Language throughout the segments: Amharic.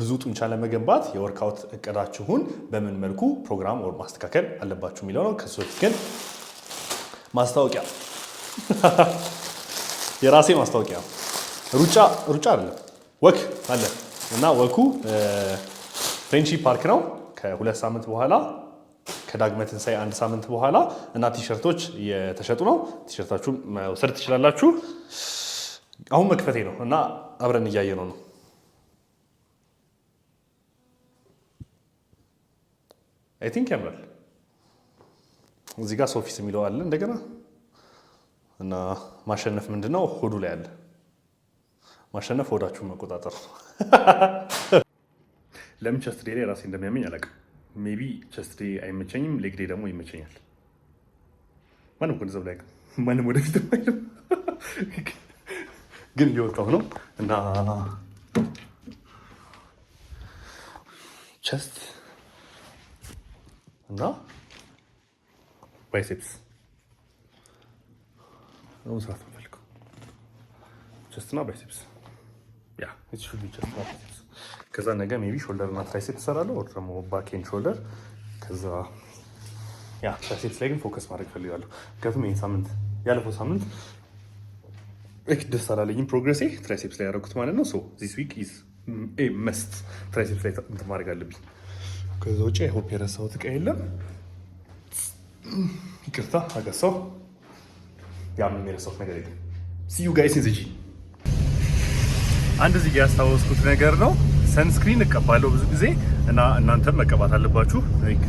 ብዙ ጡንቻ ለመገንባት የወርክአውት እቅዳችሁን በምን መልኩ ፕሮግራም ወር ማስተካከል አለባችሁ የሚለው ነው። ከሱ በፊት ግን ማስታወቂያ፣ የራሴ ማስታወቂያ ሩጫ ሩጫ አይደለም ወክ አለ እና ወኩ ፍሬንድሺፕ ፓርክ ነው ከሁለት ሳምንት በኋላ ከዳግመ ሳይ አንድ ሳምንት በኋላ እና ቲሸርቶች እየተሸጡ ነው። ቲሸርታችሁ መውሰድ ትችላላችሁ። አሁን መክፈቴ ነው እና አብረን እያየ ነው ነው አይ ቲንክ ያምራል። እዚህ ጋር ሶፊስ የሚለው አለ እንደገና እና ማሸነፍ ምንድን ነው? ሆዱ ላይ አለ። ማሸነፍ ሆዳችሁን መቆጣጠር ለምን ቸስት ዴ ላይ ራሴ እንደሚያመኝ አላውቅም። ሜይ ቢ ቸስት ዴ አይመቸኝም፣ ሌግ ደግሞ ይመቸኛል። ማንም ገንዘብ ላይ ማንም ወደፊት አይልም፣ ግን እየወጣሁ ነው እና ቸስት እና ባይሴፕስ ነው መስራት የምፈልገው። ቸስትና ባይሴፕስ ያ ኢት ሹድ ቢ ቸስትና ባይሴፕስ። ከዛ ነገ ሜቢ ሾልደር እና ትራይሴፕስ እሰራለሁ፣ ወር ደግሞ ባክ ኤንድ ሾልደር። ከዛ ያ ትራይሴፕስ ላይ ግን ፎከስ ማድረግ እፈልጋለሁ። ምክንያቱም ይህን ሳምንት ያለፈው ሳምንት ደስ አላለኝም ፕሮግሬሴ ትራይሴፕስ ላይ ያደረኩት ማለት ነው። ሶ ዚስ ዊክ ኢዝ ኤ መስት ትራይሴፕስ ላይ እንትን ማድረግ አለብኝ። ከዛ ውጭ ሆፕ የረሳሁት ዕቃ የለም። ይቅርታ አገሳው ያም የረሳሁት ነገር የለም። ሲዩ ጋይስ ንዝጂ አንድ እዚህ ያስታወስኩት ነገር ነው። ሰንስክሪን እቀባለሁ ብዙ ጊዜ እና እናንተም መቀባት አለባችሁ።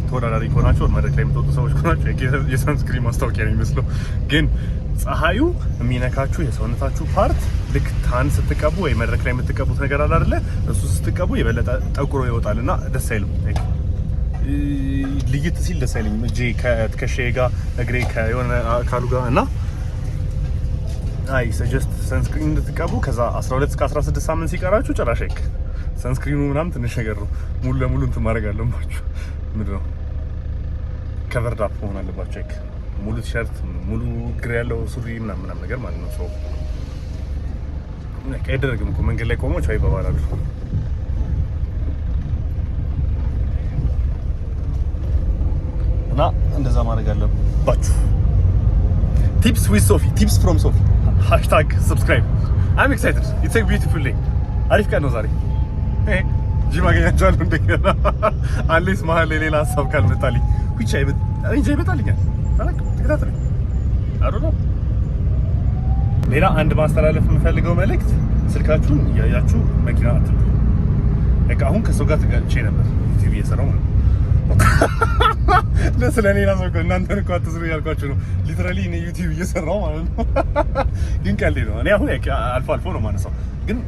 ተወዳዳሪ ከሆናችሁ መድረክ ላይ የምትወጡ ሰዎች ከሆናችሁ የሰንስክሪን ማስታወቂያ ነው የሚመስለው። ግን ፀሐዩ የሚነካችሁ የሰውነታችሁ ፓርት ልክ ታን ስትቀቡ ወይ መድረክ ላይ የምትቀቡት ነገር አለ አይደለ? እሱ ስትቀቡ የበለጠ ጠቁሮ ይወጣል እና ደስ አይልም። ልይት ሲል ደስ አይለኝም። እጄ ከትከሻዬ ጋር እግሬ ከሆነ አካሉ ጋር እና አይ ሰጀስት ሰንስክሪን እንድትቀቡ ከዛ 12 እስከ 16 ሳምንት ሲቀራችሁ ጭራሽ ሰንስክሪኑ ምናምን ትንሽ ነገር ነው። ሙሉ ለሙሉ እንትን ማድረግ አለባችሁ። ምንድን ነው ከቨርድ አፕ መሆን አለባችሁ። ሙሉ ቲሸርት፣ ሙሉ እግር ያለው ሱሪ ምናምን ምናምን ነገር ማለት ነው። ሰው አይደረግም እኮ መንገድ ላይ ቆመው ቻይ ይባባላሉ። እንደዛ ማድረግ አለባችሁ። ቲፕስ ዊዝ ሶፊ ቲፕስ ፍሮም ሶፊ ሃሽታግ ሰብስክራይብ አይም ኤክሳይትድ ኢትስ ቢዩቲፉል ዴይ አሪፍ ቀን ነው ዛሬ። ጂም አገኛቸዋለሁ እንደገና አሌስ መሀል ላይ ሌላ ሀሳብ ካልመጣልኝ ብቻ እንጃ ይመጣልኛል። ተከታተለኝ። አሮ ነው ሌላ አንድ ማስተላለፍ የምፈልገው መልእክት ስልካችሁን እያያችሁ መኪና አትብሉ። በቃ አሁን ከሰው ጋር ተጋጭቼ ነበር ዩቲዩብ እየሰራሁ ነው ስለ ሌላ ሰው እናንተን እኮ አትስሩ እያልኳችሁ ነው። ሊትራሊ እኔ ዩቲዩብ እየሰራው ማለት ነው። ግን ቀልዴ ነው። እኔ አሁን አልፎ አልፎ ነው ማነሳው። ግን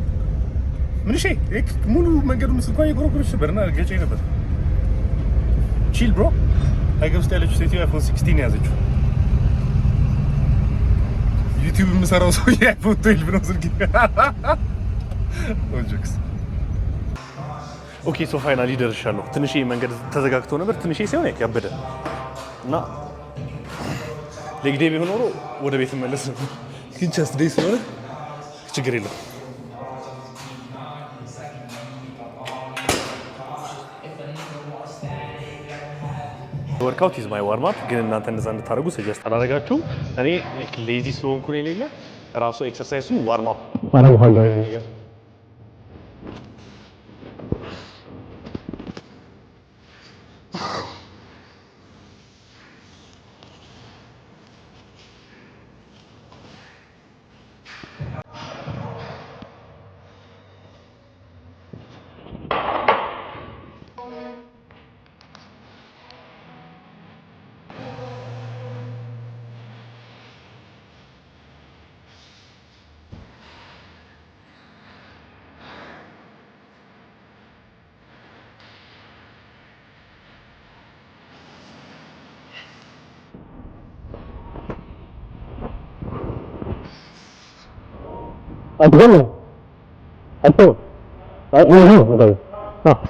ምን ሼ ሙሉ መንገዱ መንገዱን ስልኳን የጎረጎረች ነበርና ገጨ ነበር። ቺል ብሮ አገር ውስጥ ያለችው ሴትዮ አይፎን ሲክስቲን የያዘችው ዩቲዩብ የምሰራው ሰው አይፎን ትዌልቭ ነው ስልክ ኦኬ ሶ ፋይናሊ ደርሻለሁ። ትንሽ መንገድ ተዘጋግቶ ነበር። ትንሽ ሲሆን ያበደ እና ሌግዴ ቢሆን ኖሮ ወደ ቤት መለስ ነበር፣ ግን ቸስት ዴይ ስለሆነ ችግር የለም። ወርካውት ኢዝ ማይ ዋርም አፕ። ግን እናንተ እንደዛ እንድታደርጉ ሰጀስት አላደርጋችሁ። እኔ ሌዚ ስለሆንኩ ነው የሌለ ራሱ ኤክሰርሳይሱ ዋርም አፕ I don't Abraham. Apo? I don't know. Ah.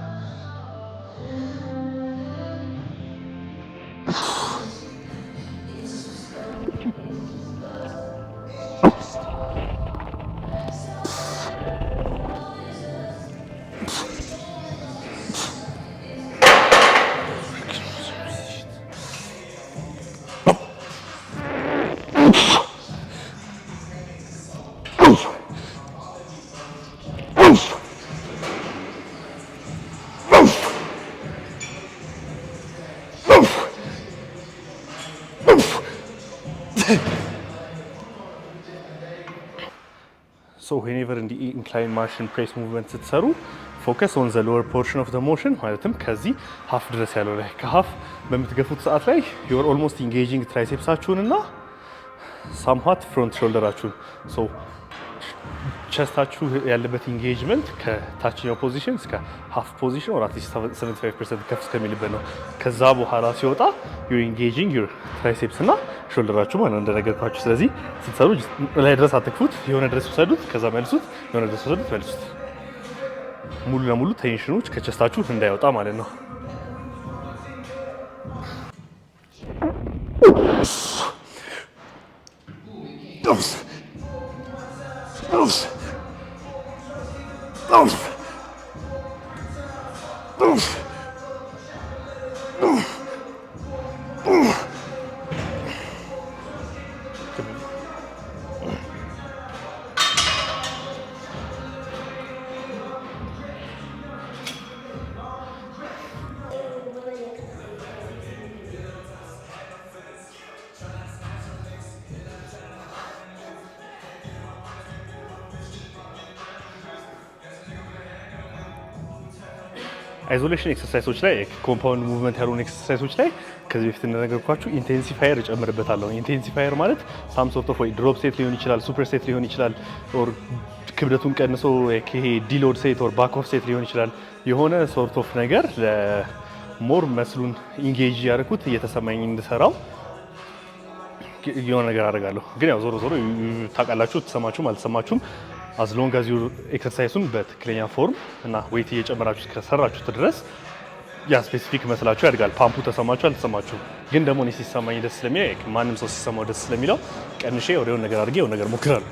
ሶ ዌንኤቨር እንዲ ኢንክላይን ማርሽን ፕሬስ ሙቭመንት ስትሰሩ ፎከስ ኦን ዘ ሎወር ፖርሽን ኦፍ ዘ ሞሽን ማለትም ከዚህ ሀፍ ድረስ ያለው ላይ ከሀፍ በምትገፉት ሰዓት ላይ ዩር ኦልሞስት ኢንጌጂንግ ትራይሴፕሳችሁን እና ሳምሃት ፍሮንት ሾልደራችሁን ቸስታችሁ ያለበት ኢንጌጅመንት ከታችኛው ፖዚሽን እስከ ሀፍ ፖዚሽን ኦር አትሊስት 75% ከፍ እስከሚልበት ነው። ከዛ በኋላ ሲወጣ ዩ ኢንጌጂንግ ዩር ትራይሴፕስ እና ሾልደራችሁ ማለት ነው እንደነገርኳችሁ። ስለዚህ ስትሰሩ ላይ ድረስ አትክፉት፣ የሆነ ድረስ ውሰዱት፣ ከዛ መልሱት፣ የሆነ ድረስ ውሰዱት፣ መልሱት። ሙሉ ለሙሉ ቴንሽኖች ከቸስታችሁ እንዳይወጣ ማለት ነው። Oh. Of. Of. Of. አይዞሌሽን ኤክሰርሳይሶች ላይ ኮምፓውንድ ሙቭመንት ያሉ ኤክሰርሳይሶች ላይ ከዚህ በፊት እንደነገርኳችሁ ኢንቴንሲፋየር እጨምርበታለሁ። ኢንቴንሲፋየር ማለት ሳም ሶፍት ኦፍ ወይ ድሮፕ ሴት ሊሆን ይችላል፣ ሱፐር ሴት ሊሆን ይችላል፣ ኦር ክብደቱን ቀንሶ ይሄ ዲሎድ ሴት ኦር ባክ ኦፍ ሴት ሊሆን ይችላል። የሆነ ሶርት ኦፍ ነገር ሞር መስሉን ኢንጌጅ ያደርኩት እየተሰማኝ እንድሰራው የሆነ ነገር አደርጋለሁ። ግን ያው ዞሮ ዞሮ ታውቃላችሁ፣ ተሰማችሁም አልተሰማችሁም አዝ ሎንግ አዝ ዩ ኤክሰርሳይሱን በትክክለኛ ፎርም እና ዌይት እየጨመራችሁ ከሰራችሁት ድረስ ያ ስፔሲፊክ መስላችሁ ያድጋል። ፓምፑ ተሰማችሁ አልተሰማችሁም። ግን ደግሞ እኔ ሲሰማኝ ደስ ስለሚለው ማንም ሰው ሲሰማው ደስ ስለሚለው ቀንሼ ወደ የሆነ ነገር አድርጌ የሆነ ነገር ሞክራለሁ።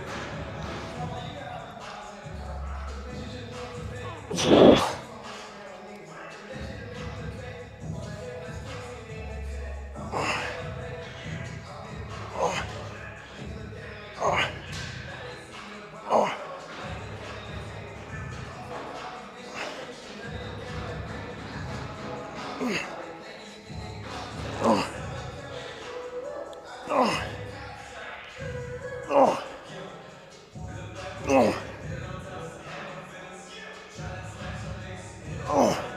Oh.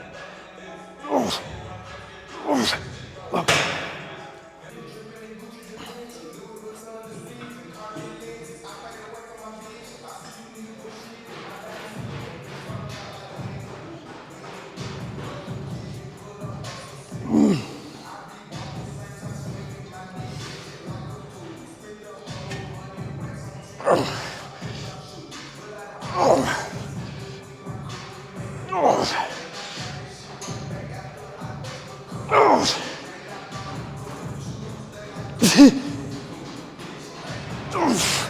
Of!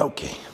ok.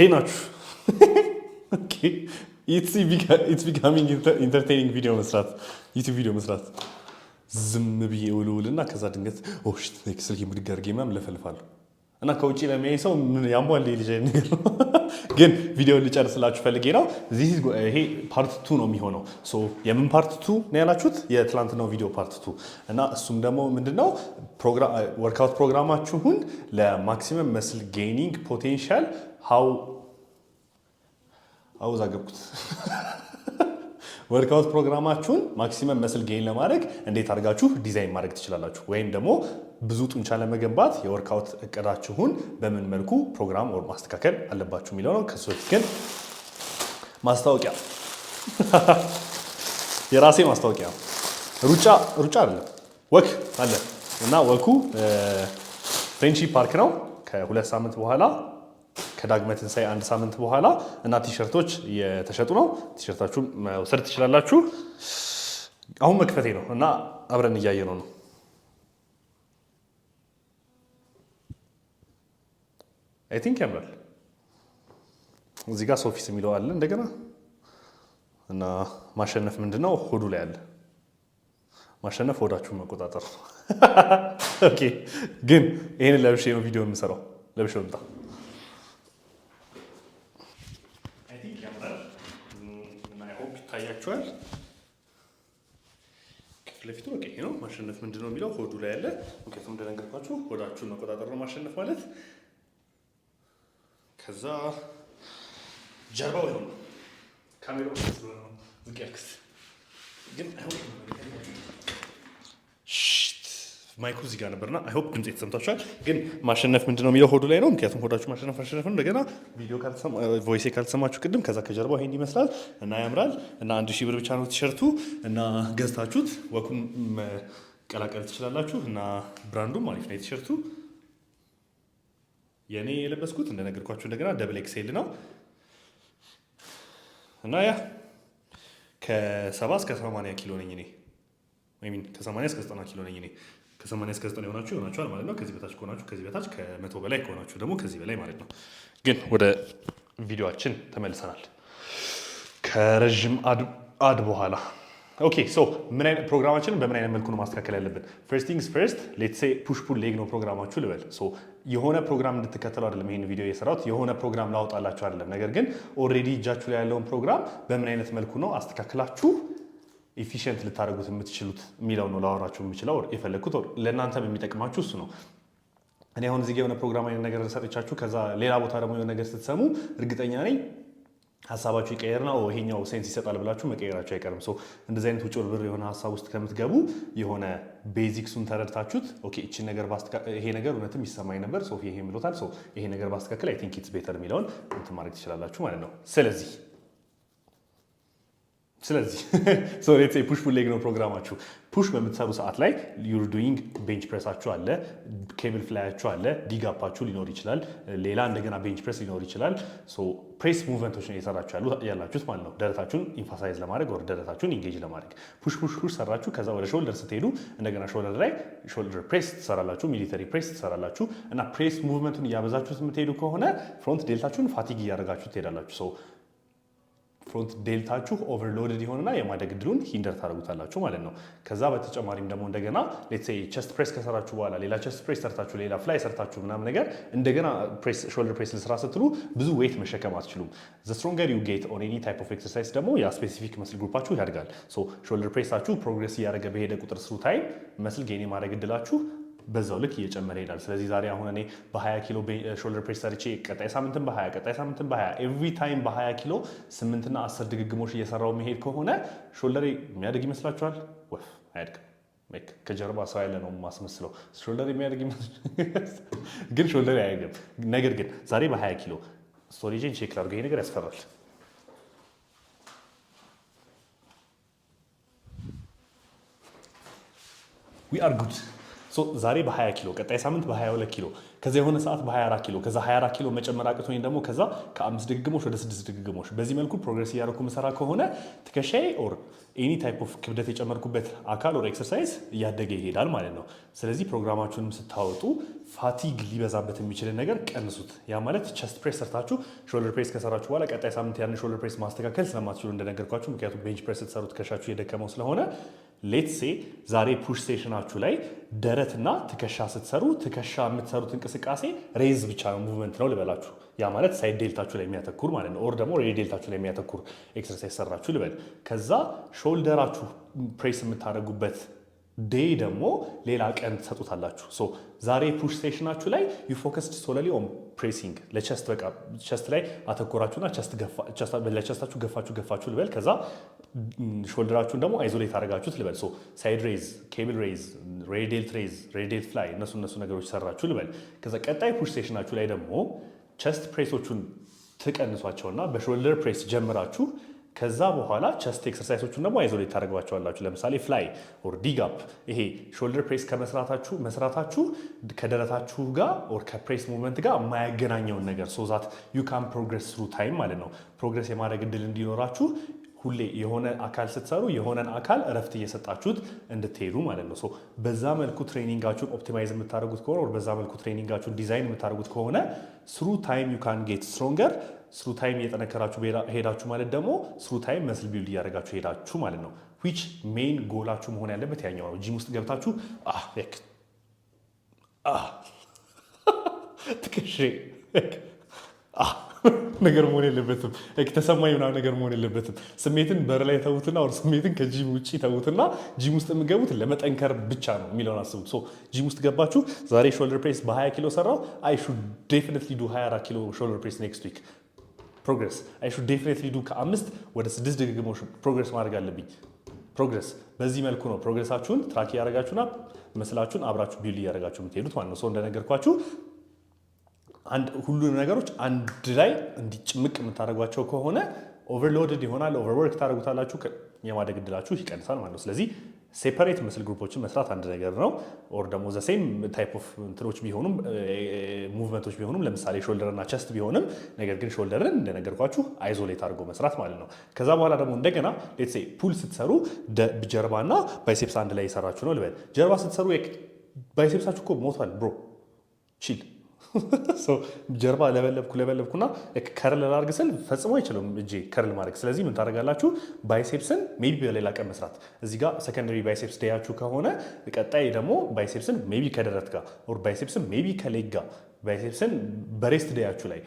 እንዴት ናችሁ? ኢትስ ቢካሚንግ ኢንተርቴኒንግ ቪዲዮ መስራት ዩቲዩብ ቪዲዮ መስራት ዝም ብዬ ውልውልና ከዛ ድንገት ሽት ስልክ ብድግ አድርጌ ምናምን ለፈልፋለሁ እና ከውጭ ለሚያይ ሰው ያሟል ልጅ ነገር ነው። ግን ቪዲዮ ልጨርስላችሁ ፈልጌ ነው። ይሄ ፓርት ቱ ነው የሚሆነው። የምን ፓርት ቱ ነው ያላችሁት? የትላንትናው ቪዲዮ ፓርት ቱ እና እሱም ደግሞ ምንድነው ወርክአውት ፕሮግራማችሁን ለማክሲመም መስል ጌይኒንግ ፖቴንሻል ሀው አውዝ ወርክአውት ፕሮግራማችሁን ማክሲመም መስል ጌን ለማድረግ እንዴት አድርጋችሁ ዲዛይን ማድረግ ትችላላችሁ? ወይም ደግሞ ብዙ ጡንቻ ለመገንባት የወርክአውት እቅዳችሁን በምን መልኩ ፕሮግራም ወር ማስተካከል አለባችሁ የሚለው ነው። ከሱ ግን ማስታወቂያ፣ የራሴ ማስታወቂያ ሩጫ ሩጫ አይደለም ወክ አለ እና ወኩ ፍሬንድሺፕ ፓርክ ነው ከሁለት ሳምንት በኋላ ከዳግመ ትንሣኤ አንድ ሳምንት በኋላ እና ቲሸርቶች የተሸጡ ነው። ቲሸርታችሁ መውሰድ ትችላላችሁ። አሁን መክፈቴ ነው እና አብረን እያየ ነው ነው አይ ቲንክ ያምራል። እዚህ ጋር ሶፊስ የሚለው አለ እንደገና እና ማሸነፍ ምንድን ነው? ሆዱ ላይ አለ ማሸነፍ ሆዳችሁን መቆጣጠር ነው። ግን ይህን ለብሼ ነው ቪዲዮ የምሰራው። ለብሼ ልምጣ አይታችኋል። ከፊት ለፊቱ በቃ ይሄ ነው። ማሸነፍ ምንድን ነው የሚለው ሆዱ ላይ ያለ። ምክንያቱም እንደነገርኳችሁ ሆዳችሁን መቆጣጠር ነው ማሸነፍ ማለት። ከዛ ጀርባው ይሆን ካሜራው ስለሆነ ዝቅ ያልክስ ግን አይሆን ማይኩ እዚህ ጋር ነበርና አይሆፕ ድምጽ የተሰምታችኋል። ግን ማሸነፍ ምንድን ነው የሚለው ሆዱ ላይ ነው። ምክንያቱም ሆዳችሁ ማሸነፍ ማሸነፍ እንደገና ቪዲዮ ቮይሴ ካልተሰማችሁ ቅድም ከዛ ከጀርባ ይሄን ይመስላል እና ያምራል እና አንድ ሺህ ብር ብቻ ነው ቲሸርቱ እና ገዝታችሁት ወኩን መቀላቀል ትችላላችሁ እና ብራንዱም አሪፍ ነው የቲሸርቱ። የእኔ የለበስኩት እንደነገርኳችሁ እንደገና ደብል ኤክሴል ነው እና ያ ከሰባ እስከ ሰማንያ ኪሎ ነኝ እኔ ከሰማንያ እስከ ዘጠና ኪሎ ነኝ እኔ ከሰማንያ እስከ ዘጠና የሆናችሁ ይሆናችኋል ማለት ነው። ከዚህ በታች ከሆናችሁ ከዚህ በታች፣ ከመቶ በላይ ከሆናችሁ ደግሞ ከዚህ በላይ ማለት ነው። ግን ወደ ቪዲዮችን ተመልሰናል። ከረዥም አድ በኋላ ኦኬ ሶ ፕሮግራማችንን በምን አይነት መልኩ ነው ማስተካከል ያለብን? ፈርስት ቲንግስ ፈርስት ሌትሴ ፑሽ ፑል ሌግ ነው ፕሮግራማችሁ ልበል። ሶ የሆነ ፕሮግራም እንድትከተሉ አይደለም ይህን ቪዲዮ የሰራሁት የሆነ ፕሮግራም ላውጣላችሁ አይደለም። ነገር ግን ኦልሬዲ እጃችሁ ላይ ያለውን ፕሮግራም በምን አይነት መልኩ ነው አስተካክላችሁ ኤፊሽንት ልታደርጉት የምትችሉት የሚለው ነው ላወራችሁ የምችለው የፈለግኩት ለእናንተም የሚጠቅማችሁ እሱ ነው። እኔ አሁን እዚህ የሆነ ፕሮግራም አይነት ነገር ሰጥቻችሁ ከዛ ሌላ ቦታ ደግሞ የሆነ ነገር ስትሰሙ እርግጠኛ ነኝ ሀሳባችሁ ይቀየርና ይሄኛው ሴንስ ይሰጣል ብላችሁ መቀየራችሁ አይቀርም። ሶ እንደዚህ አይነት ውጭ ብር የሆነ ሀሳብ ውስጥ ከምትገቡ የሆነ ቤዚክሱን ተረድታችሁት ነገር ይሄ ነገር እውነትም ይሰማኝ ነበር፣ ሰው ይሄ ብሎታል፣ ይሄ ነገር ባስተካከል አይ ቲንክ ኢትስ ቤተር የሚለውን እንትን ማድረግ ትችላላችሁ ማለት ነው። ስለዚህ ስለዚህ ሶሌት ፑሽ ፑል ሌግ ነው ፕሮግራማችሁ። ፑሽ በምትሰሩ ሰዓት ላይ ዩር ዱይንግ ቤንች ፕሬሳችሁ አለ፣ ኬብል ፍላያችሁ አለ፣ ዲጋፓችሁ ሊኖር ይችላል፣ ሌላ እንደገና ቤንች ፕሬስ ሊኖር ይችላል። ፕሬስ ሙቭመንቶች ነው እየሰራችሁ ያላችሁት ማለት ነው። ደረታችሁን ኢንፋሳይዝ ለማድረግ ወር ደረታችሁን ኢንጌጅ ለማድረግ ፑሽ ፑሽ ፑሽ ሰራችሁ። ከዛ ወደ ሾልደር ስትሄዱ እንደገና ሾልደር ላይ ሾልደር ፕሬስ ትሰራላችሁ፣ ሚሊተሪ ፕሬስ ትሰራላችሁ እና ፕሬስ ሙቭመንቱን እያበዛችሁት የምትሄዱ ከሆነ ፍሮንት ዴልታችሁን ፋቲግ እያደረጋችሁ ትሄዳላችሁ። ፍሮንት ዴልታችሁ ኦቨርሎድድ ይሆንና የማደግ ድሉን ሂንደር ታደርጉታላችሁ ማለት ነው። ከዛ በተጨማሪም ደግሞ እንደገና ሌትሴ ቸስት ፕሬስ ከሰራችሁ በኋላ ሌላ ቸስት ፕሬስ ሰርታችሁ ሌላ ፍላይ ሰርታችሁ ምናምን ነገር እንደገና ሾልደር ፕሬስ ልስራ ስትሉ ብዙ ዌት መሸከም አትችሉም። ዘ ስትሮንገር ዩ ጌት ኦን ኤኒ ታይፕ ኦፍ ኤክሰርሳይዝ ደግሞ ያ ስፔሲፊክ መስል ግሩፓችሁ ያድጋል። ሾልደር ፕሬሳችሁ ፕሮግረስ እያደረገ በሄደ ቁጥር ስሩ ታይም መስል ጌኔ ማድረግ እድላችሁ በዛው ልክ እየጨመረ ይሄዳል። ስለዚህ ዛሬ አሁን እኔ በ20 ኪሎ ሾልደር ፕሬስ ሰርቼ ቀጣይ ሳምንትን በ20 ቀጣይ ሳምንትን በ20 ኤቭሪ ታይም በ20 ኪሎ ስምንትና አስር ድግግሞች እየሰራው መሄድ ከሆነ ሾልደሬ የሚያደግ ይመስላችኋል? ወፍ አያድግም። ከጀርባ ሰው ያለ ነው የማስመስለው። ሾልደር የሚያደርግ ግን ሾልደር አያደርግም። ነገር ግን ዛሬ በ20 ኪሎ ስቶሬጅን ቼክ ላድርገው። ይሄ ነገር ያስፈራል። ዊ አር ጉድ ዛሬ በ20 ኪሎ ቀጣይ ሳምንት በ22 ኪሎ ከዛ የሆነ ሰዓት በ24 ኪሎ ከዛ 24 ኪሎ መጨመር አቅቶ ወይም ደግሞ ከዛ ከአምስት ድግግሞች ወደ ስድስት ድግግሞች በዚህ መልኩ ፕሮግረስ እያደረኩ መሰራ ከሆነ ትከሻዬ ኦር ኤኒ ታይፕ ኦፍ ክብደት የጨመርኩበት አካል ኦር ኤክሰርሳይዝ እያደገ ይሄዳል ማለት ነው። ስለዚህ ፕሮግራማችሁንም ስታወጡ ፋቲግ ሊበዛበት የሚችልን ነገር ቀንሱት። ያ ማለት ቸስት ፕሬስ ሰርታችሁ ሾልደር ፕሬስ ከሰራችሁ በኋላ ቀጣይ ሳምንት ያን ሾልደር ፕሬስ ማስተካከል ስለማትችሉ እንደነገርኳችሁ፣ ምክንያቱም ቤንች ፕሬስ ስትሰሩ ትከሻችሁ የደከመው ስለሆነ ሌትሴ ዛሬ ፑሽ ሴሽናችሁ ላይ ደረትና ትከሻ ስትሰሩ ትከሻ የምትሰሩት እንቅስቃሴ ሬዝ ብቻ ነው ሙቭመንት ነው ልበላችሁ። ያ ማለት ሳይድ ዴልታችሁ ላይ የሚያተኩር ማለት ነው። ኦር ደግሞ ሬድ ዴልታችሁ ላይ የሚያተኩር ኤክሰርሳይዝ ሰራችሁ ልበል። ከዛ ሾልደራችሁ ፕሬስ የምታደርጉበት ዴይ ደግሞ ሌላ ቀን ትሰጡታላችሁ። ሶ ዛሬ ፑሽ ሴሽናችሁ ላይ ዩ ፎከስድ ሶለሊ ኦን ፕሬሲንግ ለቸስት በቃ ቸስት ላይ አተኮራችሁና ለቸስታችሁ ገፋችሁ ገፋችሁ ልበል። ከዛ ሾልደራችሁን ደግሞ አይዞሌት አደረጋችሁት ልበል። ሶ ሳይድ ሬዝ፣ ኬብል ሬዝ፣ ሬዴልት ሬዝ፣ ሬዴልት ፍላይ እነሱ እነሱ ነገሮች ሰራችሁ ልበል። ከዛ ቀጣይ ፑሽ ሴሽናችሁ ላይ ደግሞ ቸስት ፕሬሶቹን ትቀንሷቸውና በሾልደር ፕሬስ ጀምራችሁ ከዛ በኋላ ቸስት ኤክሰርሳይሶቹን ደግሞ አይዞሌት ታደርግባቸዋላችሁ። ለምሳሌ ፍላይ ኦር ዲጋፕ ይሄ ሾልደር ፕሬስ ከመስራታችሁ መስራታችሁ ከደረታችሁ ጋር ኦር ከፕሬስ ሙቭመንት ጋር የማያገናኘውን ነገር ሶዛት ዛት ዩ ካን ፕሮግረስ ስሩ ታይም ማለት ነው። ፕሮግረስ የማድረግ እድል እንዲኖራችሁ ሁሌ የሆነ አካል ስትሰሩ የሆነን አካል እረፍት እየሰጣችሁት እንድትሄዱ ማለት ነው። ሶ በዛ መልኩ ትሬኒንጋችሁን ኦፕቲማይዝ የምታደርጉት ከሆነ በዛ መልኩ ትሬኒንጋችሁን ዲዛይን የምታደርጉት ከሆነ ስሩ ታይም ዩ ካን ጌት ስትሮንገር ስሩ ታይም እየጠነከራችሁ ሄዳችሁ ማለት ደግሞ ስሩ ታይም መስል ቢልድ እያደረጋችሁ ሄዳችሁ ማለት ነው። ዊች ሜይን ጎላችሁ መሆን ያለበት ያኛው ነው። ጂም ውስጥ ገብታችሁ ትክሽ ነገር መሆን የለበትም። ተሰማኝ ምናምን ነገር መሆን የለበትም። ስሜትን በር ላይ ተዉትና፣ ወር ስሜትን ከጂም ውጭ ተዉትና፣ ጂም ውስጥ የምገቡት ለመጠንከር ብቻ ነው የሚለውን አስቡት። ጂም ውስጥ ገባችሁ፣ ዛሬ ሾልደር ፕሬስ በ20 ኪሎ ሰራው፣ አይ ሹድ ዴፊኒትሊ ዱ 24 ኪሎ ሾልደር ፕሬስ ኔክስት ዊክ ፕሮግረስ። አይ ሹድ ዴፊኒትሊ ዱ ከአምስት ወደ ስድስት ድግግሞች ፕሮግረስ ማድረግ አለብኝ። ፕሮግረስ በዚህ መልኩ ነው ፕሮግረሳችሁን ትራክ እያደረጋችሁና መስላችሁን አብራችሁ ቢል እያደረጋችሁ የምትሄዱት ማለት ነው። ሰው እንደነገርኳችሁ ሁሉ ነገሮች አንድ ላይ እንዲጭምቅ የምታደርጓቸው ከሆነ ኦቨርሎድድ ይሆናል። ኦቨርወርክ ታደርጉታላችሁ። የማደግ እድላችሁ ይቀንሳል ማለት ነው። ስለዚህ ሴፐሬት ምስል ግሩፖችን መስራት አንድ ነገር ነው። ኦር ደግሞ ዘሴም ታይፕ ኦፍ እንትኖች ቢሆኑም ሙቭመንቶች ቢሆኑም ለምሳሌ ሾልደር ቸስት ቢሆንም ነገር ግን ሾልደርን እንደነገርኳችሁ አይዞሌት አድርጎ መስራት ማለት ነው። ከዛ በኋላ ደግሞ እንደገና ሌትሴ ፑል ስትሰሩ ጀርባ እና ባይሴፕስ አንድ ላይ የሰራችሁ ነው ልበል። ጀርባ ስትሰሩ ባይሴፕሳችሁ እኮ ሞቷል ብሮ ቺል ጀርባ ለበለብኩ ለበለብኩና ከርል ላርግ ስል ፈጽሞ አይችልም እጄ ከርል ማድረግ። ስለዚህ ምን ታደርጋላችሁ? ባይሴፕስን ቢ በሌላ ቀን መስራት። እዚህ ጋር ሰከንደሪ ባይሴፕስ ደያችሁ ከሆነ ቀጣይ ደግሞ ባይሴፕስን ቢ ከደረት ጋር ኦር ባይሴፕስን ቢ ከሌግ ጋር ባይሴፕስን በሬስት ደያችሁ ላይ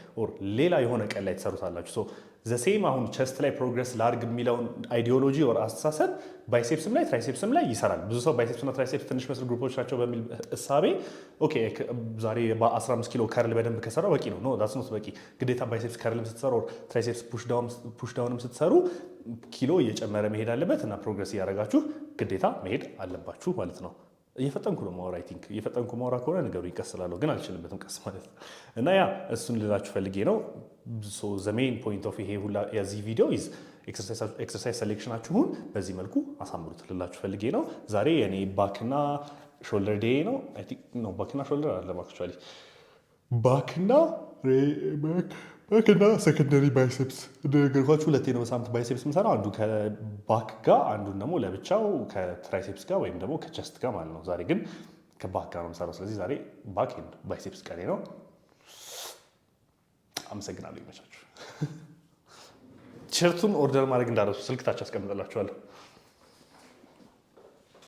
ሌላ የሆነ ቀን ላይ ትሰሩታላችሁ። ዘሴም አሁን ቸስት ላይ ፕሮግረስ ላርግ የሚለውን አይዲዮሎጂ ወር አስተሳሰብ ባይሴፕስም ላይ ትራይሴፕስም ላይ ይሰራል። ብዙ ሰው ባይሴፕስና ትራይሴፕስ ትንሽ መስል ግሩፖች ናቸው በሚል እሳቤ ኦኬ፣ ዛሬ በ15 ኪሎ ከርል በደንብ ከሰራ በቂ ነው። ኖ ዳትስ ኖት በቂ። ግዴታ ባይሴፕስ ከርልም ስትሰሩ ትራይሴፕስ ፑሽዳውንም ስትሰሩ ኪሎ እየጨመረ መሄድ አለበት እና ፕሮግረስ እያደረጋችሁ ግዴታ መሄድ አለባችሁ ማለት ነው። እየፈጠንኩ ነው ማወራ አይ ቲንክ እየፈጠንኩ ማወራ ከሆነ ነገሩ ይቀስላለሁ፣ ግን አልችልበትም ቀስ ማለት እና ያ እሱን ልላችሁ ፈልጌ ነው። ዘሜን ፖይንት ኦፍ ይሄ ሁላ የዚህ ቪዲዮ ኢዝ ኤክሰርሳይዝ ሴሌክሽናችሁን በዚህ መልኩ አሳምሩት ልላችሁ ፈልጌ ነው። ዛሬ የኔ ባክና ሾልደር ዴ ነው። ባክና ሾልደር አለም አክቹዋሊ ባክና እና ሰከንደሪ ባይሴፕስ እንደነገርኳችሁ ሁለቴ ነው በሳምንት ባይሴፕስ የምሰራው። አንዱ ከባክ ጋር፣ አንዱን ደግሞ ለብቻው ከትራይሴፕስ ጋር ወይም ደግሞ ከቸስት ጋር ማለት ነው። ዛሬ ግን ከባክ ጋር ነው የምሰራው። ስለዚህ ዛሬ ባክ ኤንድ ባይሴፕስ ቀኔ ነው። አመሰግናለሁ። ይመቻችሁ። ቸርቱን ኦርደር ማድረግ እንዳደረሱ ስልክ ታች አስቀምጠላችኋለሁ።